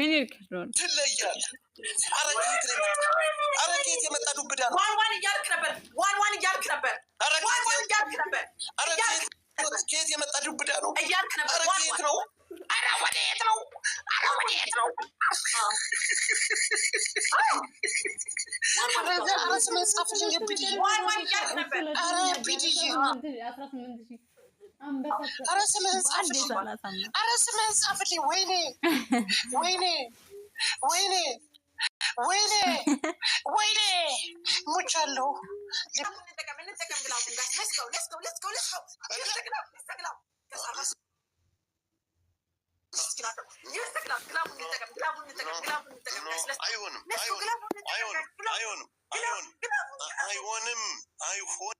ምን ይልክሉን ትለያል። አረቄት አረቄት የመጣ ዱብዳ ነው። ዋን ዋን እያልክ ነበር፣ ዋን ዋን እያልክ ነበር፣ ዋን ዋን እያልክ ነበር። አረቄት የመጣ ዱብዳ ነው እያልክ ነበር። አረቄት ነው። አረ ወዴት ነው? አረ ወዴት ነው? አረ ስመጻፍሽ ብድ ዋን ዋን እያልክ ነበር። አረ ብድ አስራ ስምንት ኧረ ስለ ህንጻፍ ወይኔ ወይኔ ወይኔ ወይኔ ወይኔ ሞቻለሁ። አይሆንም አይሆንም አይሆንም አይሆንም አይሆንም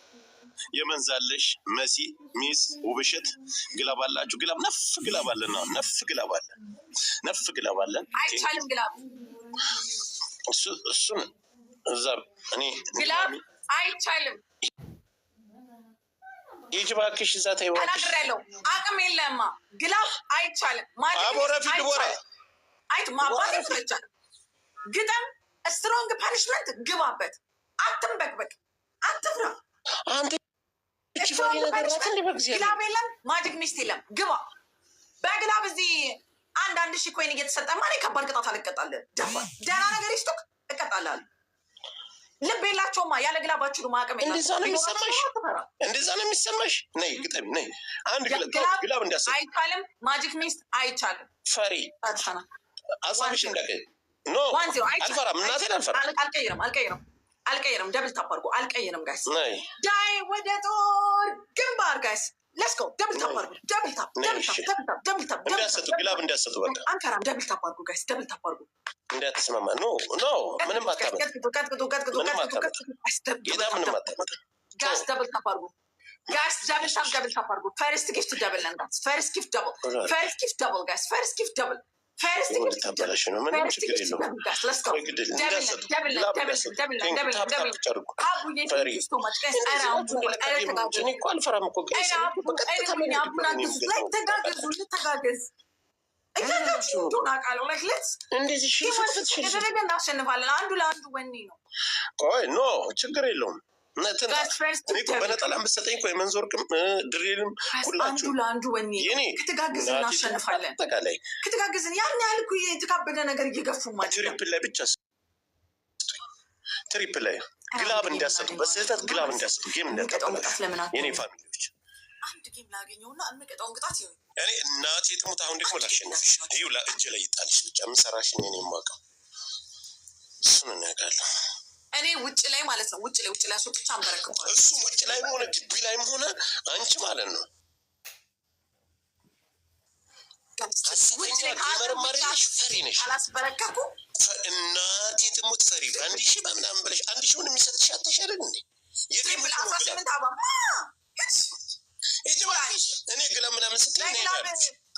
የመንዛለሽ መሲ ሚስ ውብሽት ግላብ አላችሁ። ግላብ ነፍ ግላብ አለን ነው ነፍ ግላብ አለን ነፍ ግላብ አለን። አይቻልም ግላብ እሱን እዛ እኔ ግላብ አይቻልም። ይጅ እባክሽ እዛ ተይ ተናግሬያለሁ። አቅም የለማ ግላብ አይቻልም። ማቦረፊ ቦረ አይት ማባት ይቻል ግጠም ስትሮንግ ፓኒሽመንት ግባበት። አትንበቅበቅ፣ አትፍራ አንተ ግላብ የለም ማጂክ ሚስት የለም። ግባ በግላብ እዚህ አንዳንድ ሺህ ኮይን እየተሰጠ ማ ከባድ ቅጣት አልቀጣለን። ደህና ነገር ይስጡክ እቀጣላለሁ። ልብ የላቸውማ ያለ ግላባችሁ ነው ማቀም እንደዛ ነው የሚሰማሽ፣ እንደዛ ነው የሚሰማሽ። ነይ ግጠሚ፣ ነይ አንድ ግላብ እንዳሰ አይቻልም። ማጂክ ሚስት አይቻልም። ፈሪ አሳብሽ እንዳቀ ኖ አልፈራም፣ እናቴን አልፈራም፣ አልቀይርም፣ አልቀይርም አልቀየርም። ደብል ታፕ አድርጎ አልቀየርም። ጋይስ ዳይ ወደ ጦር ግንባር ጋይስ ለስኮ ደብል ታፕ አድርጉ። ደብል ታፕ ደብል ታፕ ደብል ግላብ እንዳሰጡ በቃ አንከራም። ደብል ታፕ አድርጉ ጋይስ ደብል ታፕ አድርጉ። እንዳትስማማ ኖ ኖ ምንም አታመጣም። ምንም አታመጣም። ጋይስ ደብል ታፕ አድርጉ ጋይስ ደብል ታፕ ደብል ታፕ አድርጉ። ፈርስት ጊፍት ደብል ነን ፈርስት ጊፍት ደብል ፈርስት ጊፍት ደብል ጋይስ ፈርስት ጊፍት ደብል እንደዚህ ሽፍትፍት ሽፍት እናሸንፋለን። አንዱ ለአንዱ ወኔ ነው። ቆይ ኖ ችግር የለውም። በነጠላ ምሰጠኝ እኮ የመንዞር ቅም ድሪልም ሁላችሁ ለአንዱ ወኔ ከተጋግዝን እናሸንፋለን። አጠቃላይ ከተጋግዝን ያን ያህል እኮ የተካበደ ነገር እየገፉ ማለት ትሪፕ ላይ ብቻ ትሪፕ ላይ ግላብ እንዲያሰጡ በስህተት ግላብ እንዲያሰጡ ጌም እንዳያቀበላሽ የኔ ፋሚሊዎች አንድ ጌም ላገኘውና የምቀጣውን ቅጣት ይሆ እኔ እናቴ ትሙት። አሁን ደግሞ ላሸንፍሽ ይሁ እጅ ላይ ይጣልሽ ብቻ የምሰራሽን ኔ የማውቀው እሱን እናያውቃለሁ። እኔ ውጭ ላይ ማለት ነው ውጭ ላይ ውጭ ላይ አስወጥቼ አንበረክኳል። እሱ ውጭ ላይም ሆነ ግቢ ላይም ሆነ አንቺ ማለት ነው ፈሪ አንድ ሺ አንድ የሚሰጥሽ ምናምን ስትል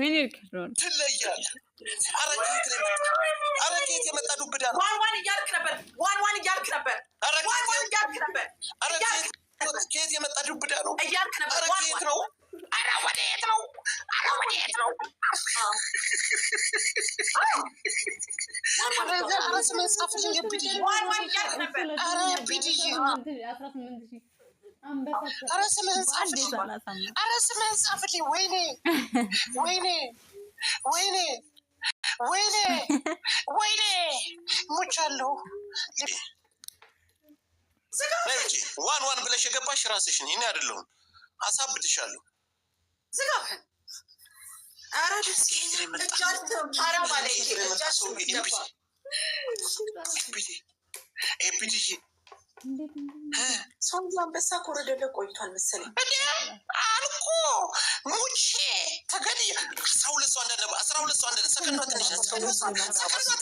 ምን ይልክል የመጣ ዱብዳ ዋንዋን እያልክ ነበር፣ ኧረ ስምህን ጻፍልኝ። ወይኔ ወይኔ ወይኔ ወይኔ ወይኔ ሞቻለሁ። ዋን ዋን ብለሽ የገባሽ ራስሽን እኔ አይደለሁም አሳብድሻለሁ። ሰውዬው አንበሳ ኮረደ ቆይቷል መሰለኝ። ሙቼ አስራ ሁለት ሰው እንደነበረ አስራ ሁለት ሰው ሰከንዷ ትንሽ ሰከንዷ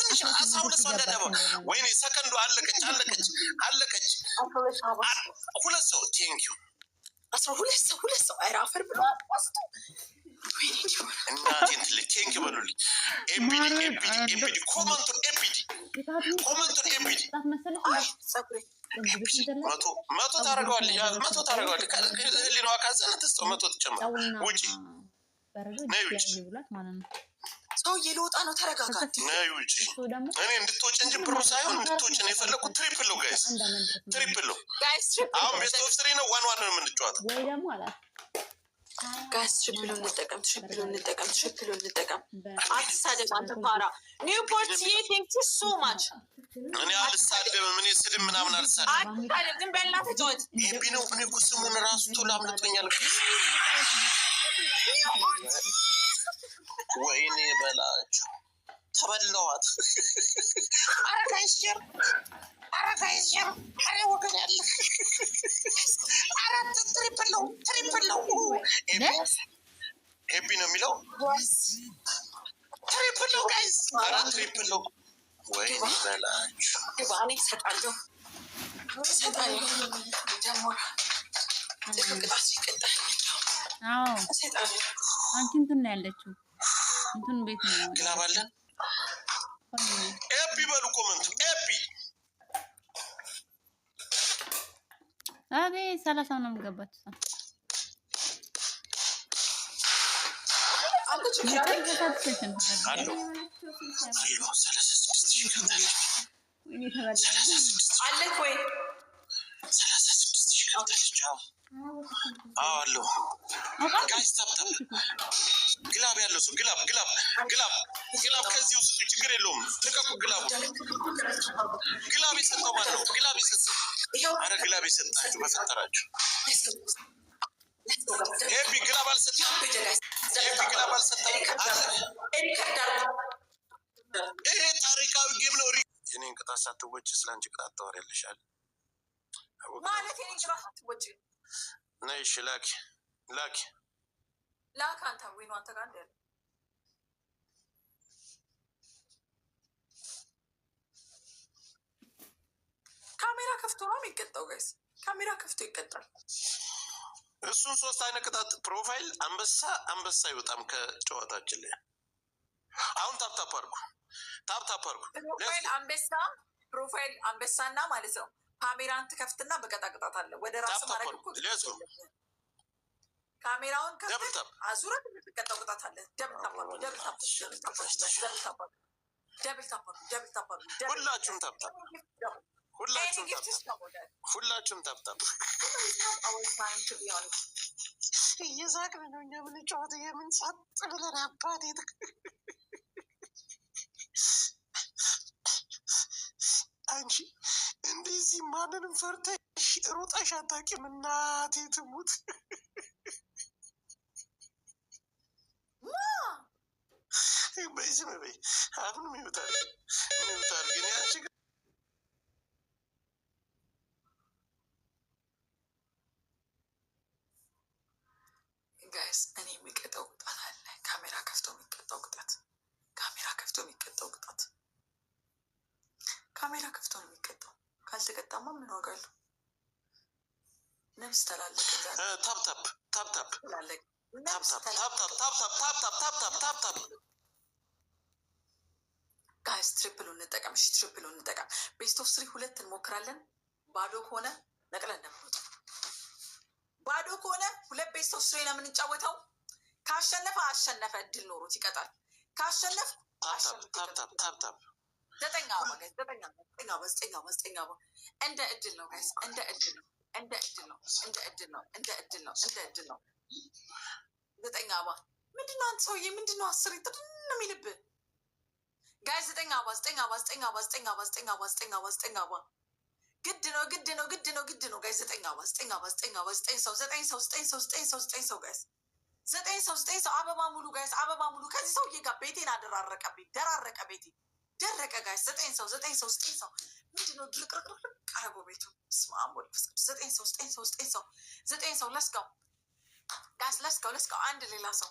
ትንሽ አስራ ሁለት ሰው እንደነበረ ወይኔ፣ ሰከንዷ አለቀች፣ አለቀች፣ አለቀች። ሁለት ሰው ቴንኪ አስራ ሁለት ሰው ሁለት ሰው ብሎ እናቴን ትልቅ በሉልኝ። ኤምቢዲ ኤምቢዲ ኤምቢዲ ኮመንቱን ኤምቢዲ መቶ ታደርገዋለች፣ መቶ ታደርገዋለች። ህሊናዋ ካዘነ ትስጠው፣ መቶ ትጨምራለች። ውጪ ነይ ውጪ። ሰውዬ ልወጣ ነው፣ ተረጋጋ። ነይ ውጪ። እኔ እንድትወጪ እንጂ ብሩ ሳይሆን እንድትወጪ ነው የፈለኩት። ትሪፕል ነው ጋይስ፣ ትሪፕል ነው። አሁን ቤስት ኦፍ ስሪ ነው። ዋን ዋን ነው የምንጫወተው ጋይስ ሽብሎ እንጠቀም፣ ሽብሎ እንጠቀም፣ ሽብሎ እንጠቀም። አትሳደብ አንተ ፓራ ኒውፖርት ቴንክ ዩ ሶ ማች። እኔ አልሳደብም። እኔ ስድብ ምናምን አልሳደብም። ግን በእናትህ ተወት። ኤቢ ነው እኔ እኮ ስሙን ራሱ ቶሎ አምልጦኛል። ወይኔ በላቸው ተበለዋት። አረ ከይስር ኧረ ከይስር ኧረ ወገን ያለ ኧረ ትሪፕል ነው ትሪፕል ነው ኤቢ ነው የሚለው ትሪፕል ነው ጋይስ፣ ኧረ ትሪፕል ነው ወይ በላችሁ ባኔ ሰጣለሁ ሰጣለሁ ደግሞ አንቺ እንትን ነው ያለችው እንትን ቤት ነው ግላባለን ኤፒ በሉ ኮመንቱ ኤፒ አቤ ሰላሳ ነው የምገባት አለች ወይ አለው ግላብ ያለው ሰው ግላብ ግላብ ግላብ ግላብ ከዚህ ውስጥ ችግር የለውም። ልቀቁ። ግላብ ግላብ የሰጠው ማለት ነው። ግላብ የሰጠ አረ ግላብ የሰጣችሁ በፈጠራችሁ ሄቢ ግላብ አልሰጠ ሄቢ ግላብ አልሰጠ። ይሄ ታሪካዊ ጌም ነው። የኔን ቅጣት ሳትወጪ ስለ ቅጣት ታወሪያለሽ አለ ማለት ነይ እሺ፣ ላኪ ላኪ ላክ። አንተ ወይኑ አንተ ጋር እንደ ካሜራ ከፍቶ ነው የሚቀጣው። ጋይስ ካሜራ ከፍቶ ይቀጣል። እሱን ሶስት አይነት ቅጣት ፕሮፋይል አንበሳ አንበሳ ይወጣም ከጨዋታችን ላይ አሁን ታፕታፕ አድርጉ፣ ታፕታፕ አድርጉ። ፕሮፋይል አንበሳ ፕሮፋይል አንበሳና ማለት ነው ካሜራን ትከፍትና በቀጣቅጣት አለ ወደ ራስ ማድረግ እኮ ካሜራውን ከፍት አዙረ ቀጣቅጣት አለ ደብል ሁላችሁም ታብታ ሁላችሁም ታብታ ሁላችሁም ነው እኛ ጨዋት የምን ጸጥ ብለን አባቴ አንቺ እንደዚህ ማንንም ፈርተሽ ሮጠሽ አታውቂም። እናቴ ትሙት በይ ዝም በይ። አሁንም ይወጣል ይወጣል ግን ያንቺ ጋይስ ትሪፕሉ እንጠቀም። እሺ ትሪፕሉ እንጠቀም። ቤስት ኦፍ ስሪ ሁለት እንሞክራለን። ባዶ ከሆነ ነቅለን እንደምንወጣ ባዶ ከሆነ ሁለት ቤስት ኦፍ ስሪ ነው የምንጫወተው። ካሸነፈ አሸነፈ፣ እድል ኖሮት ይቀጣል። ካሸነፍ ዘጠኛ ዘጠኛ እንደ እድል ነው ጋይስ፣ እንደ እድል ነው እንደ እድል ነው እንደ እድል ነው እንደ እድል ነው እንደ እድል ነው። ዘጠኛ አበባ ምንድነው? አንተ ሰውዬ ምንድነው? አስር ጥድን የሚልብህ ጋይ ዘጠኝ አባ ዘጠኝ አባ ዘጠኝ አባ ዘጠኝ አባ ዘጠኝ አባ ዘጠኝ አባ ዘጠኝ አባ ግድ ነው ግድ ነው ግድ ነው ግድ ነው ጋይ ዘጠኝ አባ ዘጠኝ አባ ዘጠኝ አባ ዘጠኝ ሰው ዘጠኝ ሰው ዘጠኝ ሰው ዘጠኝ ሰው ዘጠኝ ሰው ጋይ ዘጠኝ ሰው ዘጠኝ ሰው አበባ ሙሉ ጋይስ አበባ ሙሉ ከዚህ ሰውዬ ጋር ቤቴን አደራረቀብኝ ደራረቀ ቤቴ ደረቀ ጋይስ ዘጠኝ ሰው ዘጠኝ ሰው ዘጠኝ ሰው ምንድን ድርቅርቅርቅ አረገው ቤቱ ስማ ዘጠኝ ሰው ዘጠኝ ሰው ዘጠኝ ሰው ዘጠኝ ሰው ለስጋው ጋይስ ለስጋው ለስጋው አንድ ሌላ ሰው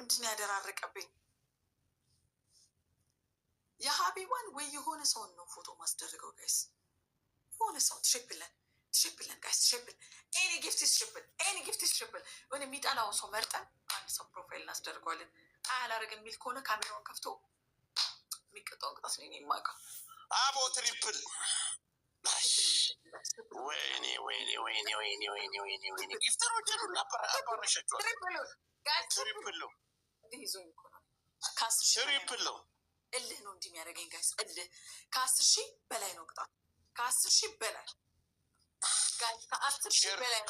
ምንድን ያደራረቀብኝ የሀቢባን ወይ የሆነ ሰውን ነው ፎቶ ማስደረገው። ጋይስ የሆነ ሰው ትሸብለን ትሸብለን ጋይስ ትሸብል ኤኒ ጊፍት ትሸብል ኤኒ ጊፍት ትሸብል ሆን የሚጠላው ሰው መርጠን አንድ ሰው ፕሮፋይል እናስደርገዋለን። አያላረግ የሚል ከሆነ ካሜራውን ከፍቶ የሚቀጣውን ቅጣት ነው የማውቀው። አቦ ትሪፕል ወይኔ ወይኔ ወይኔ ወይኔ ወይኔ ወይኔ ወይኔ ጊፍተሮችን ሁሉ አባረሸችዋል። ትሪፕል ነው ትሪፕል ነው እልህ ነው እንዲህ የሚያደርገኝ ጋይስ። እልህ ከአስር ሺህ በላይ ነው ቅጣት። ከአስር ሺህ በላይ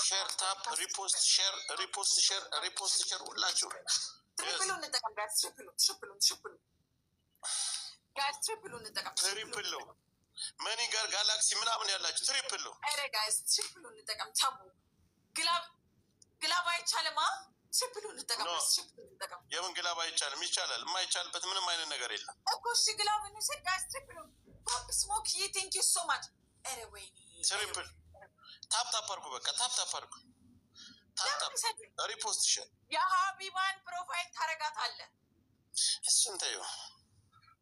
ሼር ታፕ፣ ሪፖስት፣ ሼር፣ ሪፖስት፣ ሼር፣ ሪፖስት፣ ሼር ሁላችሁ ትሪፕሉ እንጠቀም ጋይስ። ትሪፕሉ ትሪፕሉ ትሪፕሉ ትሪፕሉ እንጠቀም። ትሪፕሉ መኒ ጋር ጋላክሲ ምናምን ያላችሁ ትሪፕሉ። ኧረ ጋይስ ትሪፕሉ እንጠቀም። ተቡ ግላብ ግላብ አይቻልማ የምን ግላብ አይቻልም? ይቻላል። የማይቻልበት ምንም አይነት ነገር የለም እኮ እሺ። ግላብ ትሪፕል ታፕ ታፕ አድርጉ። በቃ ታፕ ታፕ አድርጉ። ሪፖስት ይሻል። የሀቢባን ፕሮፋይል ታረጋታለህ። እሱን ተይው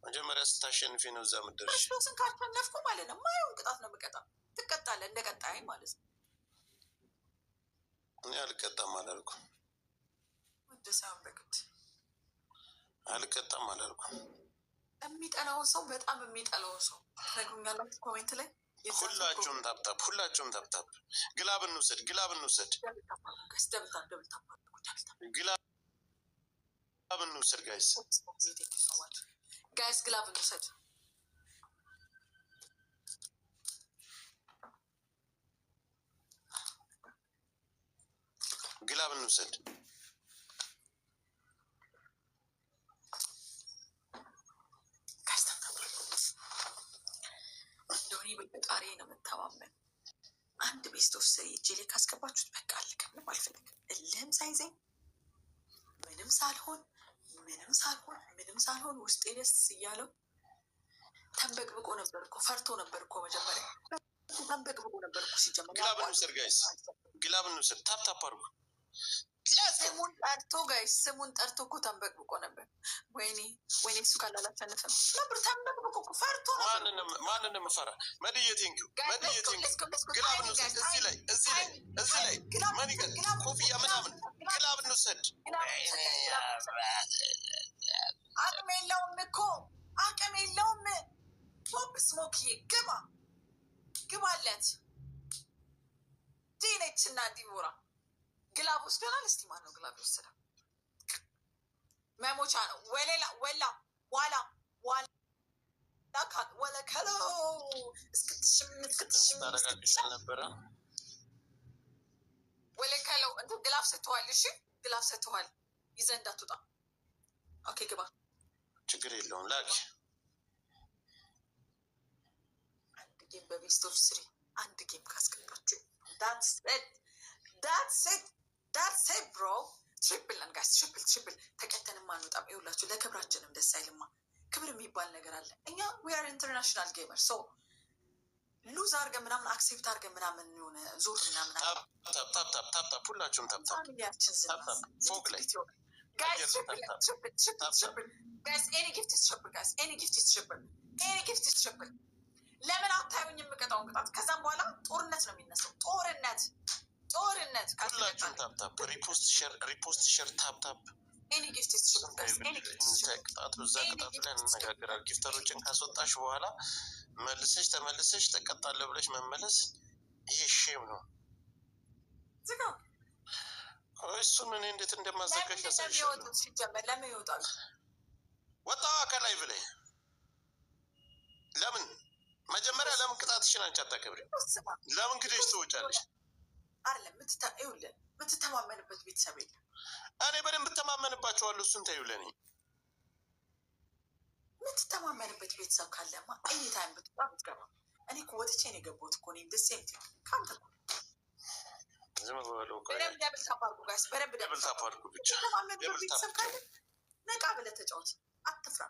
መጀመሪያ ስታሸንፊ ነው እዛ ምደርሽ። ክርስቶስን ካሸነፍኩ ማለት ነው ማየውን ቅጣት ነው የምቀጣ። ትቀጣለህ እንደ ቀጣይ ማለት ነው። እኔ አልቀጣም አላልኩም። ቅዱሳን በግድ አልቀጣም አላልኩም። የሚጠላውን ሰው በጣም የሚጠላውን ሰው ትነግሩኛላችሁ። ኮሜንት ላይ ሁላችሁም ታብታብ፣ ሁላችሁም ታብታብ። ግላብ እንውሰድ፣ ግላብ እንውሰድ፣ ግላብ እንውሰድ። ጋይስ ጋይስ፣ ግላብ እንውሰድ። ግላብ እንውሰድ። በፈጣሪ ነው የምተማመን። አንድ ቤስት ኦፍ ስሪ እጅ ላይ ካስገባችሁት በቃ አልከምንም አልፈልግም። እልህም ሳይዘኝ ምንም ሳልሆን ምንም ሳልሆን ምንም ሳልሆን ውስጤ ደስ እያለው ተንበቅብቆ ነበር እኮ ፈርቶ ነበር እኮ መጀመሪያ ተንበቅብቆ ነበር እኮ ሲጀመር ግላብ እንውሰድ ጋይስ፣ ግላብ እንውሰድ። ታፕ ታፕ አድርጉ ስሙን ጠርቶ ጋይ ስሙን ጠርቶ እኮ ተንበቅብቆ ነበር። ወይኔ ወይኔ፣ እሱ ካላላቸነትም ነበር ተንበቅብቆ እኮ ፈርቶ ነበር። ማንንም ፈራ መድየቴንኪ ግላብ እንውሰድ። እዚህ ላይ እዚህ ላይ እዚህ ላይ መኒገር ኮፍያ ምናምን ግላብ እንውሰድ። አቅም የለውም እኮ አቅም የለውም። ፖፕ ስሞኪ ግባ ግባለት ዲነችና ዲቦራ ግላብ ወስደናል። እስቲ ማን ነው ግላብ የወሰደው? መሞቻ ነው። ወሌላ ወላ ዋላ ዋላ ወለ ከሎ ወለ ከሎ እንትን ግላብ ሰጥተዋል። እሺ ግላብ ሰጥተዋል። ይዘህ እንዳትወጣ። ኦኬ ግባ። ችግር የለውም። ላኪ አንድ ጌም በቤስት ኦፍ ስሪ አንድ ጌም ካስገባችሁ ዳትስ ኢት ዳትስ ኢት ዳር ሴ ብሮ ትሪፕል ጋይስ ትሪፕል ትሪፕል ተቀተን ማንወጣም። ይኸውላችሁ ለክብራችንም ደስ አይልማ። ክብር የሚባል ነገር አለ። እኛ ዊ አር ኢንተርናሽናል ጌመር ሶ ሉዝ አርገን ምናምን አክሴፕት አርገን ምናምን የሆነ ዞር ምናምን ሁላችሁም ለምን አታዩኝ? የምቀጣውን ቅጣት ከዛም በኋላ ጦርነት ነው የሚነሳው ጦርነት ጦርነት ሁላችሁም ታፕታፕ ሪፖስት ሸር ሪፖስት ሸር ታፕታፕ ቅጣቱ እዛ ቅጣት ላይ እንነጋገራል። ጊፍተሮችን ካስወጣሽ በኋላ መልሰሽ ተመልሰሽ ተቀጣለ ብለሽ መመለስ ይሄ ሼም ነው። እሱን እኔ እንዴት እንደማዘጋጅ ወጣ ከላይ ብለ ለምን መጀመሪያ ለምን ቅጣትሽን አንቺ አታከብሪም? ለምን ግደሽ ትወጫለሽ? አይደለም የምትተማመንበት ቤተሰብ የለም። እኔ በደንብ ተማመንባቸዋለሁ። እሱን ታዩ ለኔ የምትተማመንበት ቤተሰብ ካለማ እይታ ብትወጣ ብትገባ እኔ እኮ ወጥቼ ነው የገባሁት እኮ እኔም ደስ ከአንተ እኮ በደንብ ደብል ታፕ አድርጉ ጋይስ፣ በደንብ ደብል ታፕ አድርጉ። ብቻ የምትተማመንበት ቤተሰብ ካለ ነቃ ብለህ ተጫወት፣ አትፍራ።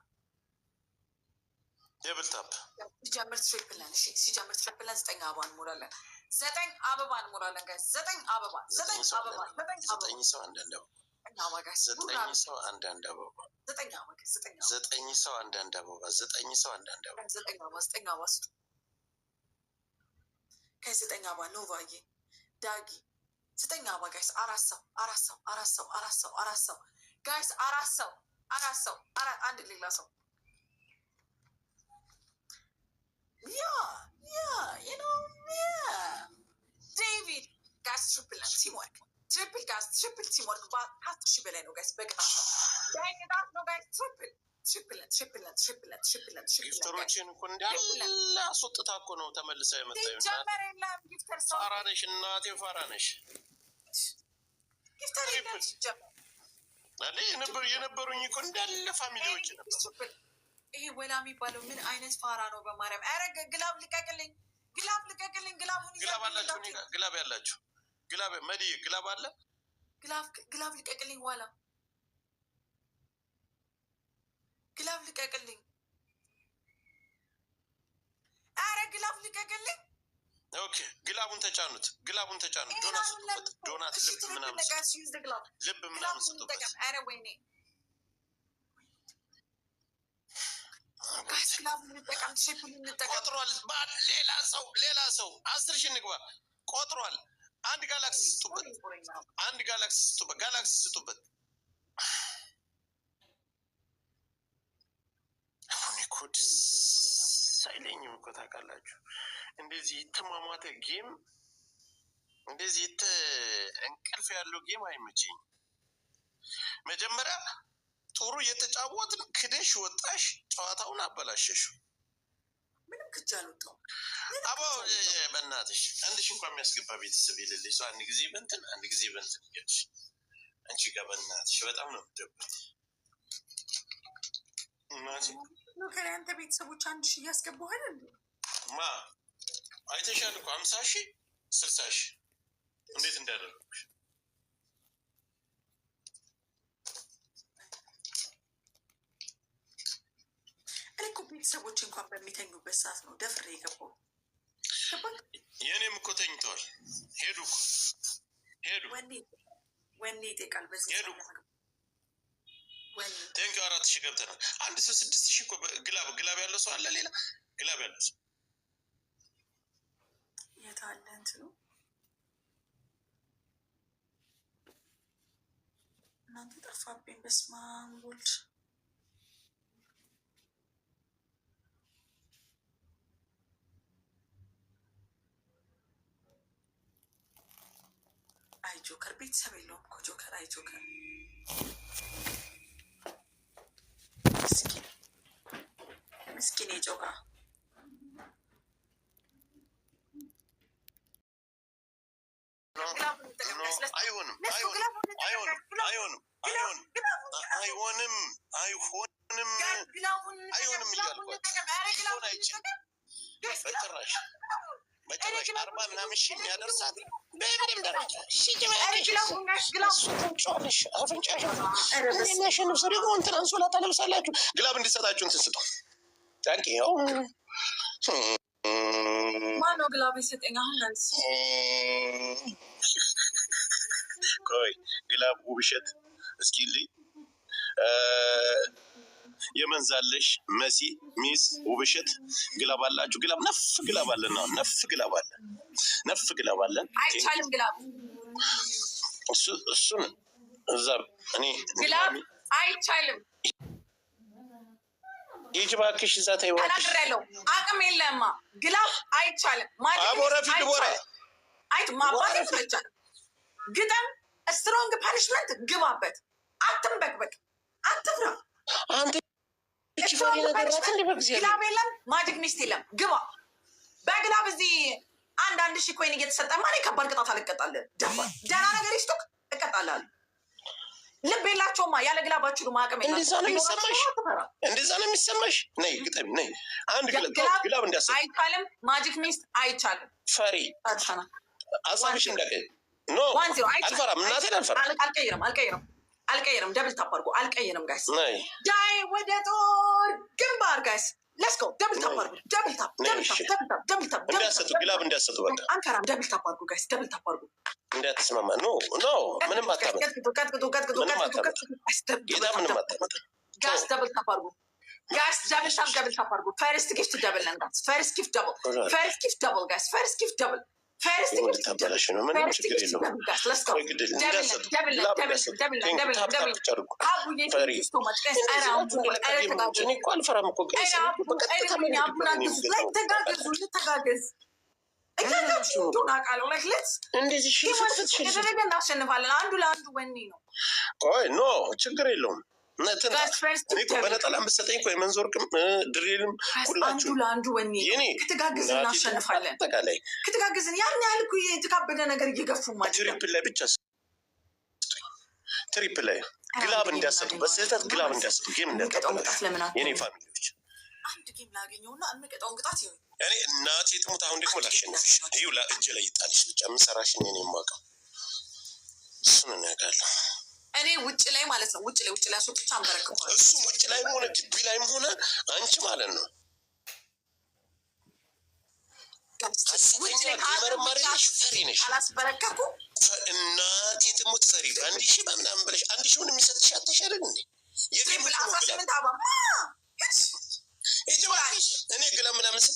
ደብል ታፕ ሲጀምር ትሪፕል ነን፣ ሲጀምር ትሪፕል ዘጠኝ አበባ እንሞላለን ዘጠኝ አበባ እንሞላለን። ጋይ ዘጠኝ አበባ ዘጠኝ አበባ ዘጠኝ ሰው አንዳንድ አበባ ዘጠኝ ሰው አንዳንድ አበባ ዘጠኝ ሰው አንዳንድ አበባ ዘጠኝ ሰው አንዳንድ አበባ ዘጠኝ አበባ ዘጠኝ አበባ ስጡ። ጋይ ዘጠኝ አበባ ኖቫዬ ዳጊ ዘጠኝ አበባ ጋይስ አራት ሰው አራት ሰው አራት ሰው አራት ሰው አራት ሰው ጋይስ አራት ሰው አራት ሰው አራት አንድ ሌላ ሰው ያ ያ ዩ ኖው ዴቪድ ጋስ ትሪፕል ትሪፕል ጋስ ትሪፕል ከአስር ሺህ በላይ ነው ጋይስ፣ በቅጣት ነው በቅጣት ነው ጋይስ ትሪፕል ጊፍተሮችን እኮ እንዳለ አስወጥታ እኮ ነው ፋራ ነሽ እናቴ ፋራ ነሽ። የነበሩኝ እኮ እንዳለ ፋሚሊዎች ነበር። ይሄ ወላ የሚባለው ምን አይነት ፋራ ነው? በማርያም ኧረ ግላብ ልቀቅልኝ። አላችሁ? ግላብ ያላችሁ ግላብ መዲ ግላብ አለ ግላብ ልቀቅልኝ፣ ዋላ ግላብ ልቀቅልኝ፣ አረ ግላብ ልቀቅልኝ። ኦኬ ግላቡን ተጫኑት፣ ግላቡን ተጫኑት። ዶናት ዶናት፣ ልብ ምናምን፣ ልብ ምናምን ስጡበት። አረ ወይኔ ሌላ ሰው ሌላ ሰው አስር ሺህ እንግባ ቆጥሯል። አንድ ጋላክሲ ስጡበት፣ አንድ ጋላክሲ ስጡበት፣ ጋላክሲ ስጡበት። አሁን ኮድ ሳይለኝም እኮ ታውቃላችሁ። እንደዚህ የተሟሟተ ጌም እንደዚህ እንቅልፍ ያለው ጌም አይመቸኝ መጀመሪያ ጥሩ እየተጫወትን ክደሽ ወጣሽ፣ ጨዋታውን አበላሸሽው። ምንም ክጃ አልወጣሁም። አባ በእናትሽ አንድ ሺህ እንኳን የሚያስገባ ቤተሰብ የሌለሽ ሰው አንድ ጊዜ በንትን አንድ ጊዜ በንትን እያልሽ አንቺ ጋር በእናትሽ በጣም ነው የምትደብር። ከአንተ ቤተሰቦች አንድ ሺህ እያስገባኋል እንዴ? ማ አይተሻል እኮ አምሳ ሺ ስልሳ ሺ እንዴት እንዳደረጉሽ ቤተሰቦች እንኳን በሚተኙበት ሰዓት ነው ደፍሬ የገባው። የእኔም እኮ ተኝተዋል። ሄዱ ሄዱ ወኔ ይጠቃል። በዚህ ሄዱ ቴንኪ አራት ሺ ገብተናል። አንድ ሰው ስድስት ሺህ እኮ ግላብ ግላብ ያለው ሰው አለ። ሌላ ግላብ ያለው ሰው የታለንት ነው እናንተ ጠፋብኝ። በስመ አብ ወልድ አይ ጆከር ቤተሰብ የለውም እኮ ጆከር። አይ ጆከር ምስኪን የጮቃ አይሆንም አይሆንም አይሆንም አይሆንም በጭራሽ በጭራሽ አርባ ምናምን ሺህ የሚያደርሳት በምንም ደረጃ የሚያሸንፍ ሰው ግላብ እንዲሰጣችሁ እንትን ስጠው። ይኸው ማነው ግላብ ይሰጠኝ? አሁን ቆይ ግላብ ውብሸት እስኪልኝ የመንዛለሽ መሲ ሚስ ውብሸት ግላብ አላችሁ? ግላብ ነፍ ግላብ አለን። ነፍ ግላብ አለን። ነፍ ግላብ አለን። አይቻልም ግላብ እሱን እዛ እኔ አይቻልም። ይጅ እዛ አቅም የለማ ግላብ አይቻልም። ማቦረፊት ቦረ አይት ማባት ግጠም ስትሮንግ ፓኒሽመንት ግባበት። አትንበቅበቅ፣ አትፍራ። አንተ ግላብ የለም ማጅግ ሚስት የለም ግባ በግላብ እዚህ አንድ አንድ ሺ ኮይን እየተሰጠ ማ ከባድ ቅጣት አልቀጣለን። ደፋር ደህና ነገር ይስጡክ እቀጣላለሁ። ልብ የላቸውማ ያለ ግላባችሁ ማቀም እንደዛ ነው የሚሰማሽ፣ እንደዛ ነው የሚሰማሽ። ነይ ግጠሚ፣ ነይ አንድ ግላብ እንዳሰ አይቻልም። ማጂክ ሚስት አይቻልም። ፈሪ አሳብሽ እንዳቀ ኖ አልፈራም፣ እናቴን አልፈራም። አልቀይርም፣ አልቀይርም፣ አልቀይርም። ደብል ታፓርጎ አልቀይርም። ጋይስ ዳይ ወደ ጦር ግንባር ጋይስ ሌትስ ጎ ደብል ታፕ አድርጉ። ደብል ታፕ ደብል ታፕ ደብል ታፕ እንዳትሰጡ፣ ግላብ እንዳትሰጡ። በቃ አንከራም ደብል ታፕ አድርጉ ጋይስ፣ ደብል ታፕ አድርጉ። እንዳትስማማ ኖ ኖ፣ ምንም አታመጣም። ፈርስት ጊፍት ደብል ፈርስት ጊፍት ደብል ጋይስ፣ ፈርስት ጊፍት ደብል ታበላሽ ነው። ምንም ችግር አንዱ ለአንዱ ወኔ ነው። ኖ ችግር የለውም። በነጠላ መሰጠኝ እኮ የመንዞር ድሪልም ሁላችሁ ለአንዱ ወኔ ከተጋግዝን እናሸንፋለን። አጠቃላይ ከተጋግዝን ያን ያህል እኮ የተካበደ ነገር እየገፉ ማለት ትሪፕል ላይ ብቻ ትሪፕ ላይ ግላብ እንዲያሰጡ በስህተት ግላብ እንዲያሰጡ ጌም እንዳያጠበላሽ የኔ ፋሚሊዎች አንድ ጌም ላገኘውና እንቀጣው እንቅጣት ይሆ እኔ እናት የጥሙት አሁን ደግሞ ላሸንፍሽ ይሁ እጅ ላይ ይጣልሽ ብቻ የምሰራሽን የኔ የማውቀው እሱን እናያውቃለሁ። እኔ ውጭ ላይ ማለት ነው ውጭ ላይ ውጭ ላይ አስወጥቼ አንበረክኳል። እሱ ውጭ ላይ ሆነ ግቢ ላይም ሆነ አንቺ ማለት ነው ፈሪ አንድ ሺ አንድ የሚሰጥሽ እኔ ግላ ምናምን